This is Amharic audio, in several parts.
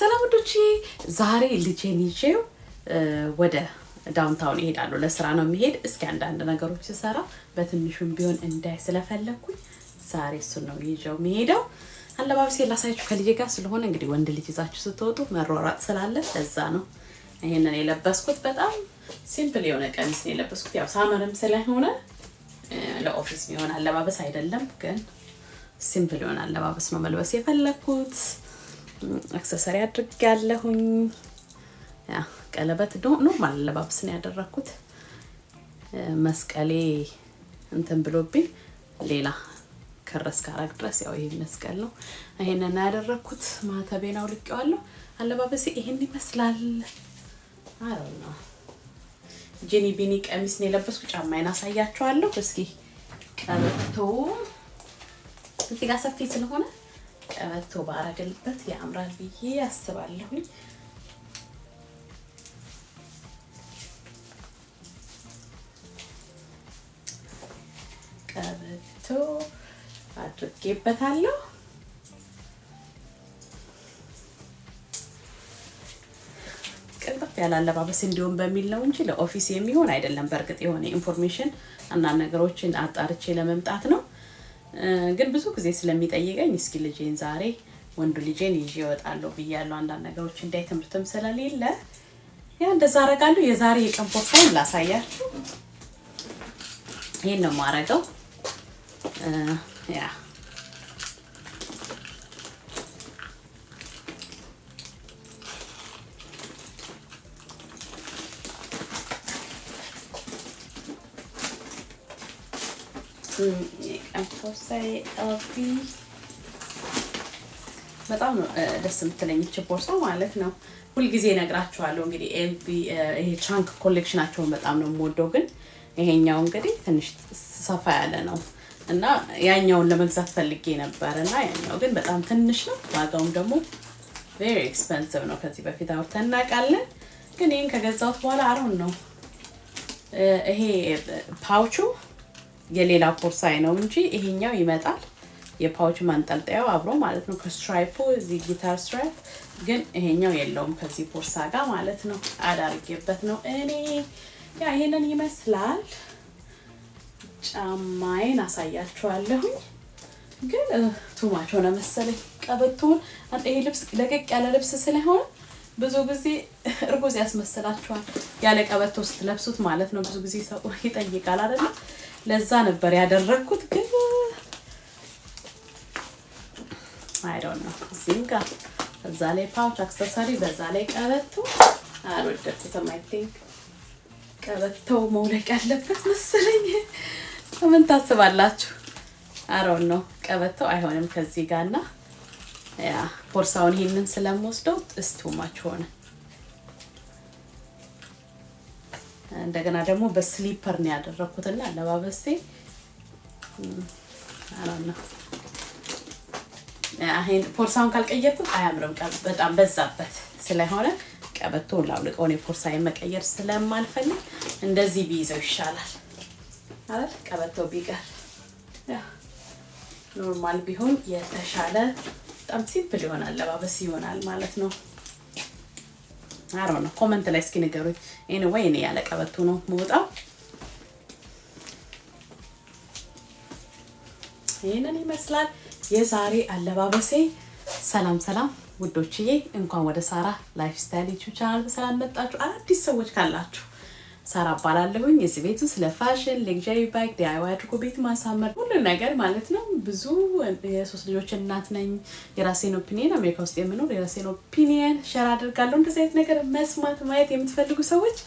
ሰላም ወዶቼ፣ ዛሬ ልጄን ይዤው ወደ ዳውንታውን ይሄዳሉ። ለስራ ነው የሚሄድ። እስኪ አንዳንድ ነገሮች ስሰራ በትንሹም ቢሆን እንዳይ ስለፈለግኩኝ ዛሬ እሱን ነው ይዤው የሚሄደው። አለባበሴ ላሳያችሁ ከልጄ ጋር ስለሆነ እንግዲህ ወንድ ልጅ ይዛችሁ ስትወጡ መሯሯጥ ስላለ ለዛ ነው ይሄንን የለበስኩት። በጣም ሲምፕል የሆነ ቀሚስ ነው የለበስኩት። ያው ሳመርም ስለሆነ ለኦፊስ የሚሆን አለባበስ አይደለም፣ ግን ሲምፕል የሆነ አለባበስ ነው መልበስ የፈለግኩት። አክሰሰሪ አድርግ ያለሁኝ ያ ቀለበት ኖርማል ለባብስ ነው ያደረኩት። መስቀሌ እንትን ብሎብኝ ሌላ ከረስ ካራቅ ድረስ ያው ይሄ መስቀል ነው። ይሄንን ያደረኩት ማተቤን አውልቄዋለሁ። አለባበሴ ይሄን ይመስላል። አሮ ነው ጂኒ ቢኒ ቀሚስ ነው የለበስኩ። ጫማዬን አሳያችኋለሁ። እስኪ ቀበቶ እዚህ ጋር ሰፊ ስለሆነ ቀበቶ ባረግልበት ያምራል ብዬ ያስባለሁኝ። ቀበቶ አድርጌበታለሁ። ቅልጥፍ ያለ አለባበስ እንዲሆን በሚል ነው እንጂ ለኦፊስ የሚሆን አይደለም። በእርግጥ የሆነ ኢንፎርሜሽን እና ነገሮችን አጣርቼ ለመምጣት ነው። ግን ብዙ ጊዜ ስለሚጠይቀኝ እስኪ ልጄን ዛሬ ወንዱ ልጄን ይዤ እወጣለሁ ብያለሁ። አንዳንድ ነገሮች እንዳይ ትምህርትም ስለሌለ ያ እንደዛ አደርጋለሁ። የዛሬ የቀን ፖርታይም ላሳያችሁ። ይህን ነው የማደርገው። ያ ቦርሳዬ አቢ በጣም ነው ደስ የምትለኝ ይቺ ቦርሳ ማለት ነው። ሁልጊዜ ነግራችኋለሁ እንግዲህ ኤልቢ ይሄ ቻንክ ኮሌክሽናቸውን በጣም ነው የምወደው፣ ግን ይሄኛው እንግዲህ ትንሽ ሰፋ ያለ ነው እና ያኛውን ለመግዛት ፈልጌ ነበር እና ያኛው ግን በጣም ትንሽ ነው። ዋጋውም ደግሞ ቬሪ ኤክስፐንሲቭ ነው። ከዚህ በፊት አውርተን እናውቃለን። ግን ይህን ከገዛሁት በኋላ አሮን ነው ይሄ ፓውቹ የሌላ ቦርሳዬ ነው እንጂ ይሄኛው ይመጣል። የፓውች ማንጠልጠያው አብሮ ማለት ነው ከስትራይፑ እዚህ ጊታር ስትራይፕ ግን ይሄኛው የለውም ከዚህ ቦርሳ ጋር ማለት ነው። አዳርጌበት ነው እኔ ያ ይሄንን ይመስላል። ጫማዬን አሳያችኋለሁኝ። ግን ቱማች ሆነ መሰለኝ አንተ ይሄ ልብስ ለቀቅ ያለ ልብስ ስለሆነ ብዙ ጊዜ እርጉዝ ያስመስላችኋል። ያለ ቀበቶ ስትለብሱት ማለት ነው ብዙ ጊዜ ሰው ይጠይቃል አይደለም ለዛ ነበር ያደረግኩት። ግን አይዶን ነው እዚህም ጋር በዛ ላይ ፓውች አክሰሰሪ፣ በዛ ላይ ቀበቶ አልወደድኩትም። አይ ቲንክ ቀበቶው መውለቅ ያለበት መሰለኝ። ምን ታስባላችሁ? አሮን ነው ቀበቶው አይሆንም ከዚህ ጋር እና ያ ቦርሳውን ይህንን ስለምወስደው እስቱማች ሆነ። እንደገና ደግሞ በስሊፐር ነው ያደረኩትና አለባበሴ አላና አሄን ፖርሳውን ካልቀየርኩት አያምርም። በጣም በዛበት ስለሆነ ቀበቶ ላውልቀው ነው። ፖርሳዬን መቀየር ስለማልፈልግ እንደዚህ ቢይዘው ይሻላል አይደል? ቀበቶ ቢቀር ኖርማል ቢሆን የተሻለ በጣም ሲምፕል ይሆናል፣ አለባበስ ይሆናል ማለት ነው። አሮ ነው። ኮመንት ላይ እስኪ ንገሩኝ። ኤኒዌይ እኔ ያለ ቀበቶ ነው መውጣው። ይህንን ይመስላል የዛሬ አለባበሴ። ሰላም ሰላም ውዶችዬ፣ እንኳን ወደ ሳራ ላይፍ ስታይል ዩቲዩብ ቻናል በሰላም መጣችሁ። አዳዲስ ሰዎች ካላችሁ ሳራ እባላለሁኝ። እዚህ ቤቱ ስለ ፋሽን፣ ሌግዣሪ ባይክ ዲአይዋይ አድርጎ ቤት ማሳመር፣ ሁሉ ነገር ማለት ነው። ብዙ የሶስት ልጆች እናት ነኝ። የራሴን ኦፒኒየን አሜሪካ ውስጥ የምኖር የራሴን ኦፒኒየን ሸር አድርጋለሁ። እንደዚህ አይነት ነገር መስማት ማየት የምትፈልጉ ሰዎች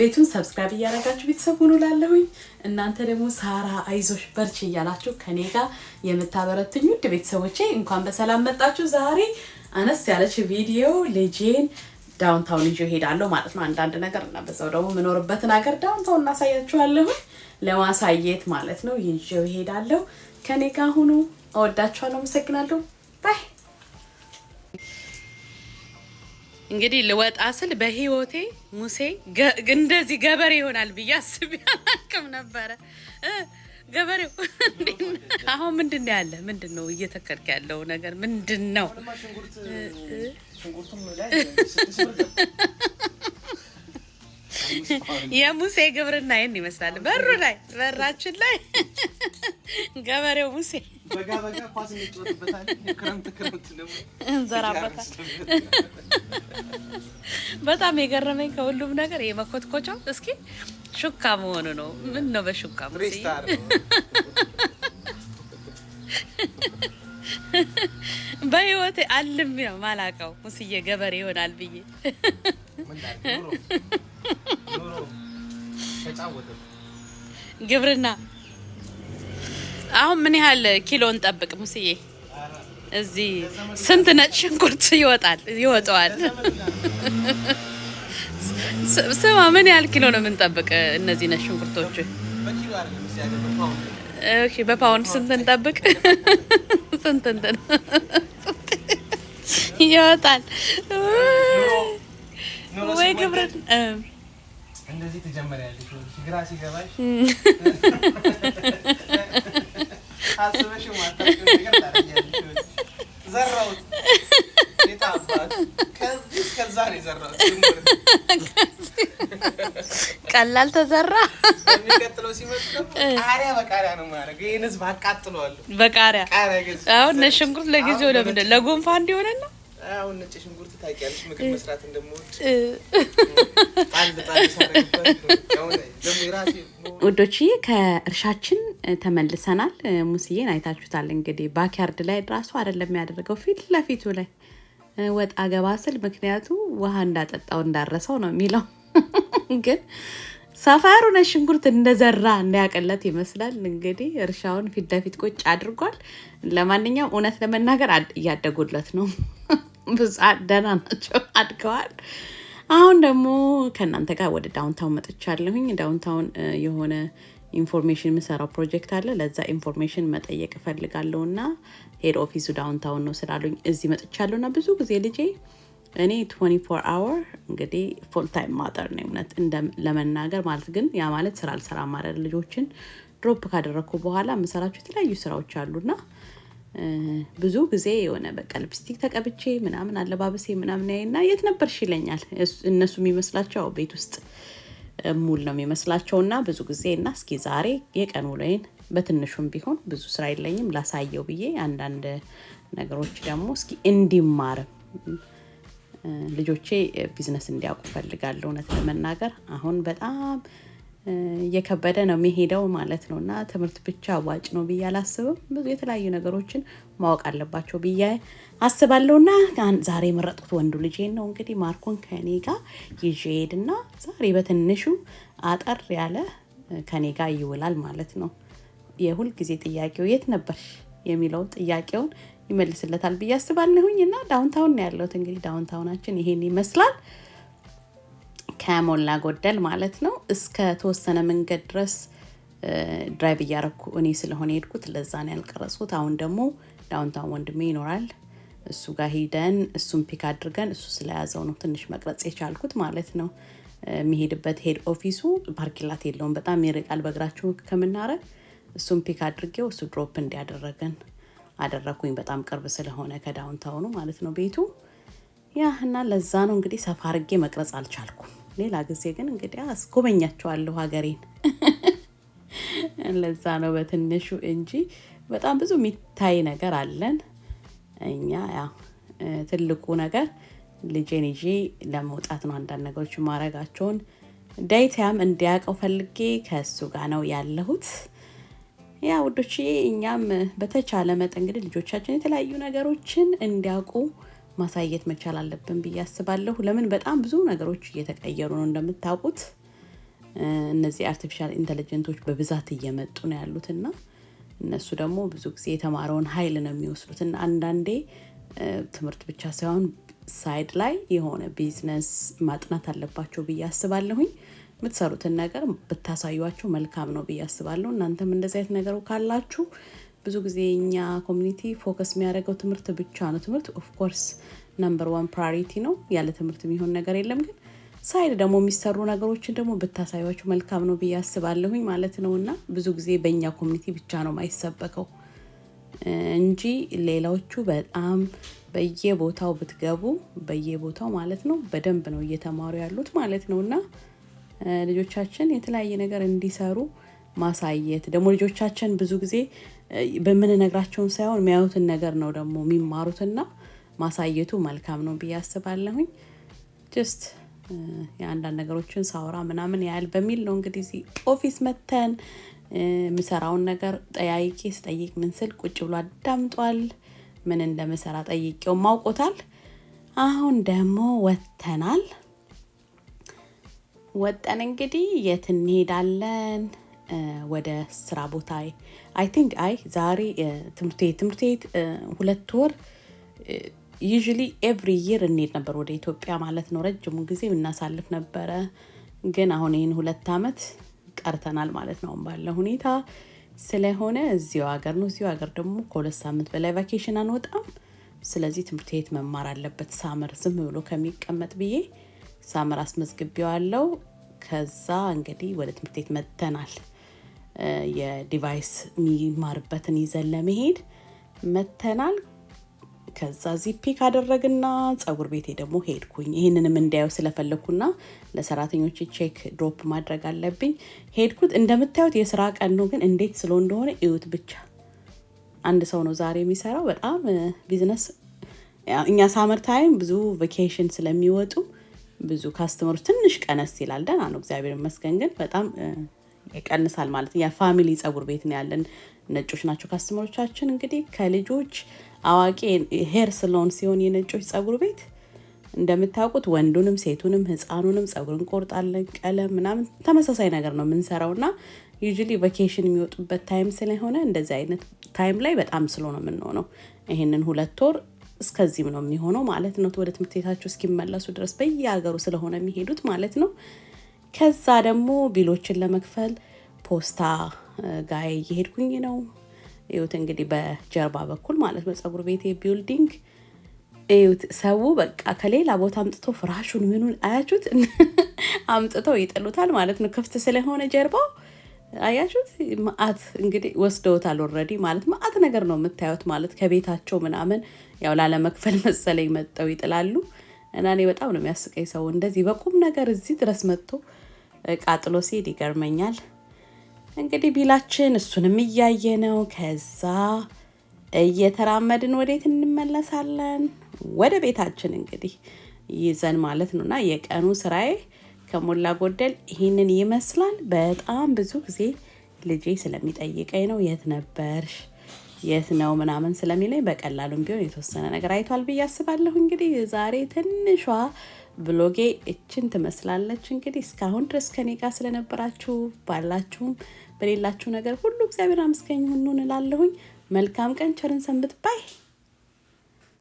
ቤቱን ሰብስክራይብ እያደረጋችሁ ቤተሰብ ሁኑ ላለሁኝ። እናንተ ደግሞ ሳራ አይዞሽ በርች እያላችሁ ከኔ ጋር የምታበረትኝ ውድ ቤተሰቦቼ እንኳን በሰላም መጣችሁ። ዛሬ አነስ ያለች ቪዲዮ ልጄን ዳውንታውን ይዤ እሄዳለሁ ማለት ነው። አንዳንድ ነገር እና በዛው ደግሞ የምኖርበትን ሀገር ዳውንታውን እናሳያችኋለሁ ለማሳየት ማለት ነው። ይዤው እሄዳለሁ። ከኔ ጋር ሁኑ። እወዳችኋለሁ። አመሰግናለሁ። ባይ። እንግዲህ ልወጣ ስል በህይወቴ ሙሴ እንደዚህ ገበሬ ይሆናል ብዬ አስቤ አላውቅም ነበረ። ገበሬው አሁን ምንድን ነው ያለ? ምንድን ነው እየተከልክ ያለው ነገር ምንድን ነው? የሙሴ ግብርና ይህን ይመስላል። በሩ ላይ በራችን ላይ ገበሬው ሙሴ እንዘራበታል። በጣም የገረመኝ ከሁሉም ነገር የመኮትኮቻው እስኪ ሹካ መሆኑ ነው። ምን ነው በሹካ በህይወት አልም ማላቀው ሙስዬ ገበሬ ይሆናል ብዬ ግብርና አሁን ምን ያህል ኪሎ እንጠብቅ? ሙስዬ እዚህ ስንት ነጭ ሽንኩርት ይወጣል ይወጣዋል? ስማ፣ ምን ያህል ኪሎ ነው የምንጠብቅ? እነዚህ ነጭ ሽንኩርቶች በፓውንድ ስንት እንጠብቅ? ስንት እንትን ይወጣል? ወይ ግብርን እንደዚህ ትጀምሪያለሽ። ግራ ሲገባሽ አስበሽ ቀላል ተዘራ በቃሪያ አሁን ነጭ ሽንኩርት ለጊዜው ለምንድን ለጎንፋ እንዲሆነ ነው። አሁን ነጭ ሽንኩርት ታውቂያለሽ፣ ምግብ መስራት እንደምወድ ውዶችዬ። ከእርሻችን ተመልሰናል። ሙስዬን አይታችሁታል እንግዲህ ባክያርድ ላይ ራሱ አይደለም ያደረገው ፊት ለፊቱ ላይ ወጣ ገባ ስል ምክንያቱ ውሃ እንዳጠጣው እንዳረሰው ነው የሚለው ግን ነ ሽንኩርት እንደዘራ እንዳያቀለት ይመስላል። እንግዲህ እርሻውን ፊት ለፊት ቁጭ አድርጓል። ለማንኛውም እውነት ለመናገር እያደጉለት ነው። ብዛት ደህና ናቸው፣ አድገዋል። አሁን ደግሞ ከእናንተ ጋር ወደ ዳውንታውን መጥቻለሁኝ። ዳውንታውን የሆነ ኢንፎርሜሽን የምሰራው ፕሮጀክት አለ። ለዛ ኢንፎርሜሽን መጠየቅ እፈልጋለሁ እና ሄድ ኦፊሱ ዳውንታውን ነው ስላሉኝ እዚህ መጥቻለሁ እና ብዙ ጊዜ ልጄ እኔ 24 አወር እንግዲህ ፉል ታይም ማጠር ነው እውነት ለመናገር ማለት ግን ያ ማለት ስራ አልሰራ ማድረግ ልጆችን ድሮፕ ካደረግኩ በኋላ የምሰራቸው የተለያዩ ስራዎች አሉና ብዙ ጊዜ የሆነ በቃ ልፕስቲክ ተቀብቼ ምናምን አለባበሴ ምናምን እና የት ነበርሽ ይለኛል። እነሱ የሚመስላቸው ቤት ውስጥ ሙል ነው የሚመስላቸው እና ብዙ ጊዜ እና እስኪ ዛሬ የቀን ውሎዬን በትንሹም ቢሆን ብዙ ስራ የለኝም ላሳየው ብዬ አንዳንድ ነገሮች ደግሞ እስኪ እንዲማርም ልጆቼ ቢዝነስ እንዲያውቁ ፈልጋለሁ። እውነት ለመናገር አሁን በጣም እየከበደ ነው የሚሄደው ማለት ነው እና ትምህርት ብቻ አዋጭ ነው ብዬ አላስብም። ብዙ የተለያዩ ነገሮችን ማወቅ አለባቸው ብዬ አስባለሁ። እና ዛሬ የመረጥኩት ወንዱ ልጄን ነው እንግዲህ ማርኮን ከኔ ጋር ይዤ ሄድና ዛሬ በትንሹ አጠር ያለ ከኔ ጋር ይውላል ማለት ነው። የሁል ጊዜ ጥያቄው የት ነበር የሚለውን ጥያቄውን ይመልስለታል ብዬ አስባለሁኝ። እና ዳውንታውን ያለሁት። እንግዲህ ዳውንታውናችን ይሄን ይመስላል ከሞላ ጎደል ማለት ነው። እስከ ተወሰነ መንገድ ድረስ ድራይቭ እያረኩ እኔ ስለሆነ የሄድኩት ለዛ ነው ያልቀረጽኩት። አሁን ደግሞ ዳውንታውን ወንድሜ ይኖራል እሱ ጋር ሂደን እሱን ፒክ አድርገን እሱ ስለያዘው ነው ትንሽ መቅረጽ የቻልኩት ማለት ነው። የሚሄድበት ሄድ ኦፊሱ ፓርኪላት የለውም፣ በጣም ይርቃል በእግራችሁ ከምናረግ እሱን ፒክ አድርጌው እሱ ድሮፕ እንዲያደረገን አደረኩኝ። በጣም ቅርብ ስለሆነ ከዳውንታውኑ ማለት ነው ቤቱ ያ እና ለዛ ነው እንግዲህ ሰፋ አርጌ መቅረጽ አልቻልኩም። ሌላ ጊዜ ግን እንግዲህ አስጎበኛቸዋለሁ ሀገሬን። ለዛ ነው በትንሹ እንጂ በጣም ብዙ የሚታይ ነገር አለን። እኛ ያው ትልቁ ነገር ልጄን ይዤ ለመውጣት ነው አንዳንድ ነገሮች ማድረጋቸውን ዳይታያም እንዲያውቀው ፈልጌ ከእሱ ጋር ነው ያለሁት። ያ ውዶች፣ እኛም በተቻለ መጠን እንግዲህ ልጆቻችን የተለያዩ ነገሮችን እንዲያውቁ ማሳየት መቻል አለብን ብዬ አስባለሁ። ለምን በጣም ብዙ ነገሮች እየተቀየሩ ነው እንደምታውቁት። እነዚህ አርቲፊሻል ኢንቴሊጀንቶች በብዛት እየመጡ ነው ያሉትና እነሱ ደግሞ ብዙ ጊዜ የተማረውን ኃይል ነው የሚወስዱትና አንዳንዴ ትምህርት ብቻ ሳይሆን ሳይድ ላይ የሆነ ቢዝነስ ማጥናት አለባቸው ብዬ አስባለሁኝ። የምትሰሩትን ነገር ብታሳዩቸው መልካም ነው ብዬ አስባለሁ። እናንተም እንደዚህ አይነት ነገሩ ካላችሁ ብዙ ጊዜ እኛ ኮሚኒቲ ፎከስ የሚያደርገው ትምህርት ብቻ ነው። ትምህርት ኦፍኮርስ ነምበር ዋን ፕራሪቲ ነው። ያለ ትምህርት የሚሆን ነገር የለም። ግን ሳይድ ደግሞ የሚሰሩ ነገሮችን ደግሞ ብታሳዩቸው መልካም ነው ብዬ አስባለሁኝ ማለት ነው እና ብዙ ጊዜ በእኛ ኮሚኒቲ ብቻ ነው የማይሰበከው እንጂ ሌላዎቹ በጣም በየቦታው ብትገቡ በየቦታው ማለት ነው በደንብ ነው እየተማሩ ያሉት ማለት ነው እና ልጆቻችን የተለያየ ነገር እንዲሰሩ ማሳየት ደግሞ ልጆቻችን ብዙ ጊዜ በምንነግራቸውን ሳይሆን የሚያዩትን ነገር ነው ደግሞ የሚማሩትና ማሳየቱ መልካም ነው ብዬ አስባለሁኝ። ጀስት የአንዳንድ ነገሮችን ሳውራ ምናምን ያህል በሚል ነው እንግዲህ እዚህ ኦፊስ መተን የምሰራውን ነገር ጠያይቄ ስጠይቅ ምን ስል ቁጭ ብሎ አዳምጧል። ምን እንደምሰራ ጠይቄው ማውቆታል። አሁን ደግሞ ወተናል። ወጠን እንግዲህ የት እንሄዳለን? ወደ ስራ ቦታ አይ ቲንክ አይ ዛሬ ትምህርት ቤት ትምህርት ቤት ሁለት ወር ዩዥሊ ኤቭሪ ይር እንሄድ ነበር ወደ ኢትዮጵያ ማለት ነው። ረጅሙ ጊዜ የምናሳልፍ ነበረ። ግን አሁን ይህን ሁለት ዓመት ቀርተናል ማለት ነው ባለ ሁኔታ ስለሆነ እዚው ሀገር ነው። እዚው ሀገር ደግሞ ከሁለት ሳምንት በላይ ቫኬሽን አንወጣም። ስለዚህ ትምህርት ቤት መማር አለበት ሳመር ዝም ብሎ ከሚቀመጥ ብዬ ሳምር አስመዝግቤዋለው። ከዛ እንግዲህ ወደ ትምህርት ቤት መጥተናል። የዲቫይስ የሚማርበትን ይዘን ለመሄድ መተናል። ከዛ ዚፒ ካደረግና ጸጉር ቤቴ ደግሞ ሄድኩኝ። ይህንንም እንዳየው ስለፈለግኩና ለሰራተኞች ቼክ ድሮፕ ማድረግ አለብኝ ሄድኩት። እንደምታዩት የስራ ቀን ነው፣ ግን እንዴት ስለ እንደሆነ እዩት ብቻ። አንድ ሰው ነው ዛሬ የሚሰራው። በጣም ቢዝነስ እኛ ሳመር ታይም ብዙ ቬኬሽን ስለሚወጡ ብዙ ካስተመሮች ትንሽ ቀነስ ይላል። ደና ነው እግዚአብሔር ይመስገን። ግን በጣም ይቀንሳል ማለት የፋሚሊ ጸጉር ቤት ነው ያለን። ነጮች ናቸው ካስተመሮቻችን። እንግዲህ ከልጆች አዋቂ ሄር ስለሆን ሲሆን የነጮች ጸጉር ቤት እንደምታውቁት ወንዱንም ሴቱንም ህፃኑንም ጸጉር እንቆርጣለን። ቀለም ምናምን ተመሳሳይ ነገር ነው የምንሰራው እና ዩዥሊ ቫኬሽን የሚወጡበት ታይም ስለሆነ እንደዚህ አይነት ታይም ላይ በጣም ስሎ ነው የምንሆነው። ይህንን ሁለት ወር እስከዚህም ነው የሚሆነው ማለት ነው። ወደ ትምህርት ቤታቸው እስኪመለሱ ድረስ በየሀገሩ ስለሆነ የሚሄዱት ማለት ነው። ከዛ ደግሞ ቢሎችን ለመክፈል ፖስታ ጋይ እየሄድኩኝ ነው። ይሁት እንግዲህ በጀርባ በኩል ማለት ነው ፀጉር ቤቴ ቢልዲንግ ይሁት ሰው በቃ ከሌላ ቦታ አምጥቶ ፍራሹን ምኑን አያችሁት፣ አምጥተው ይጥሉታል ማለት ነው። ክፍት ስለሆነ ጀርባው አያችሁት። መአት እንግዲህ ወስደውታል ኦልሬዲ ማለት መአት ነገር ነው የምታዩት ማለት ከቤታቸው ምናምን ያው ላለመክፈል መሰለኝ መጠው ይጥላሉ እና እኔ በጣም ነው የሚያስቀኝ ሰው እንደዚህ በቁም ነገር እዚህ ድረስ መጥቶ እቃ ጥሎ ሲሄድ ይገርመኛል። እንግዲህ ቢላችን እሱንም እያየ ነው። ከዛ እየተራመድን ወዴት እንመለሳለን? ወደ ቤታችን እንግዲህ ይዘን ማለት ነው እና የቀኑ ስራዬ ከሞላ ጎደል ይህንን ይመስላል። በጣም ብዙ ጊዜ ልጄ ስለሚጠይቀኝ ነው የት ነበርሽ የት ነው ምናምን ስለሚለኝ በቀላሉም ቢሆን የተወሰነ ነገር አይቷል ብዬ አስባለሁ። እንግዲህ ዛሬ ትንሿ ብሎጌ እችን ትመስላለች። እንግዲህ እስካሁን ድረስ ከኔ ጋር ስለነበራችሁ ባላችሁም በሌላችሁ ነገር ሁሉ እግዚአብሔር አመስገኝ ሁኑ እንላለሁኝ። መልካም ቀን፣ ቸርን ሰንብት ባይ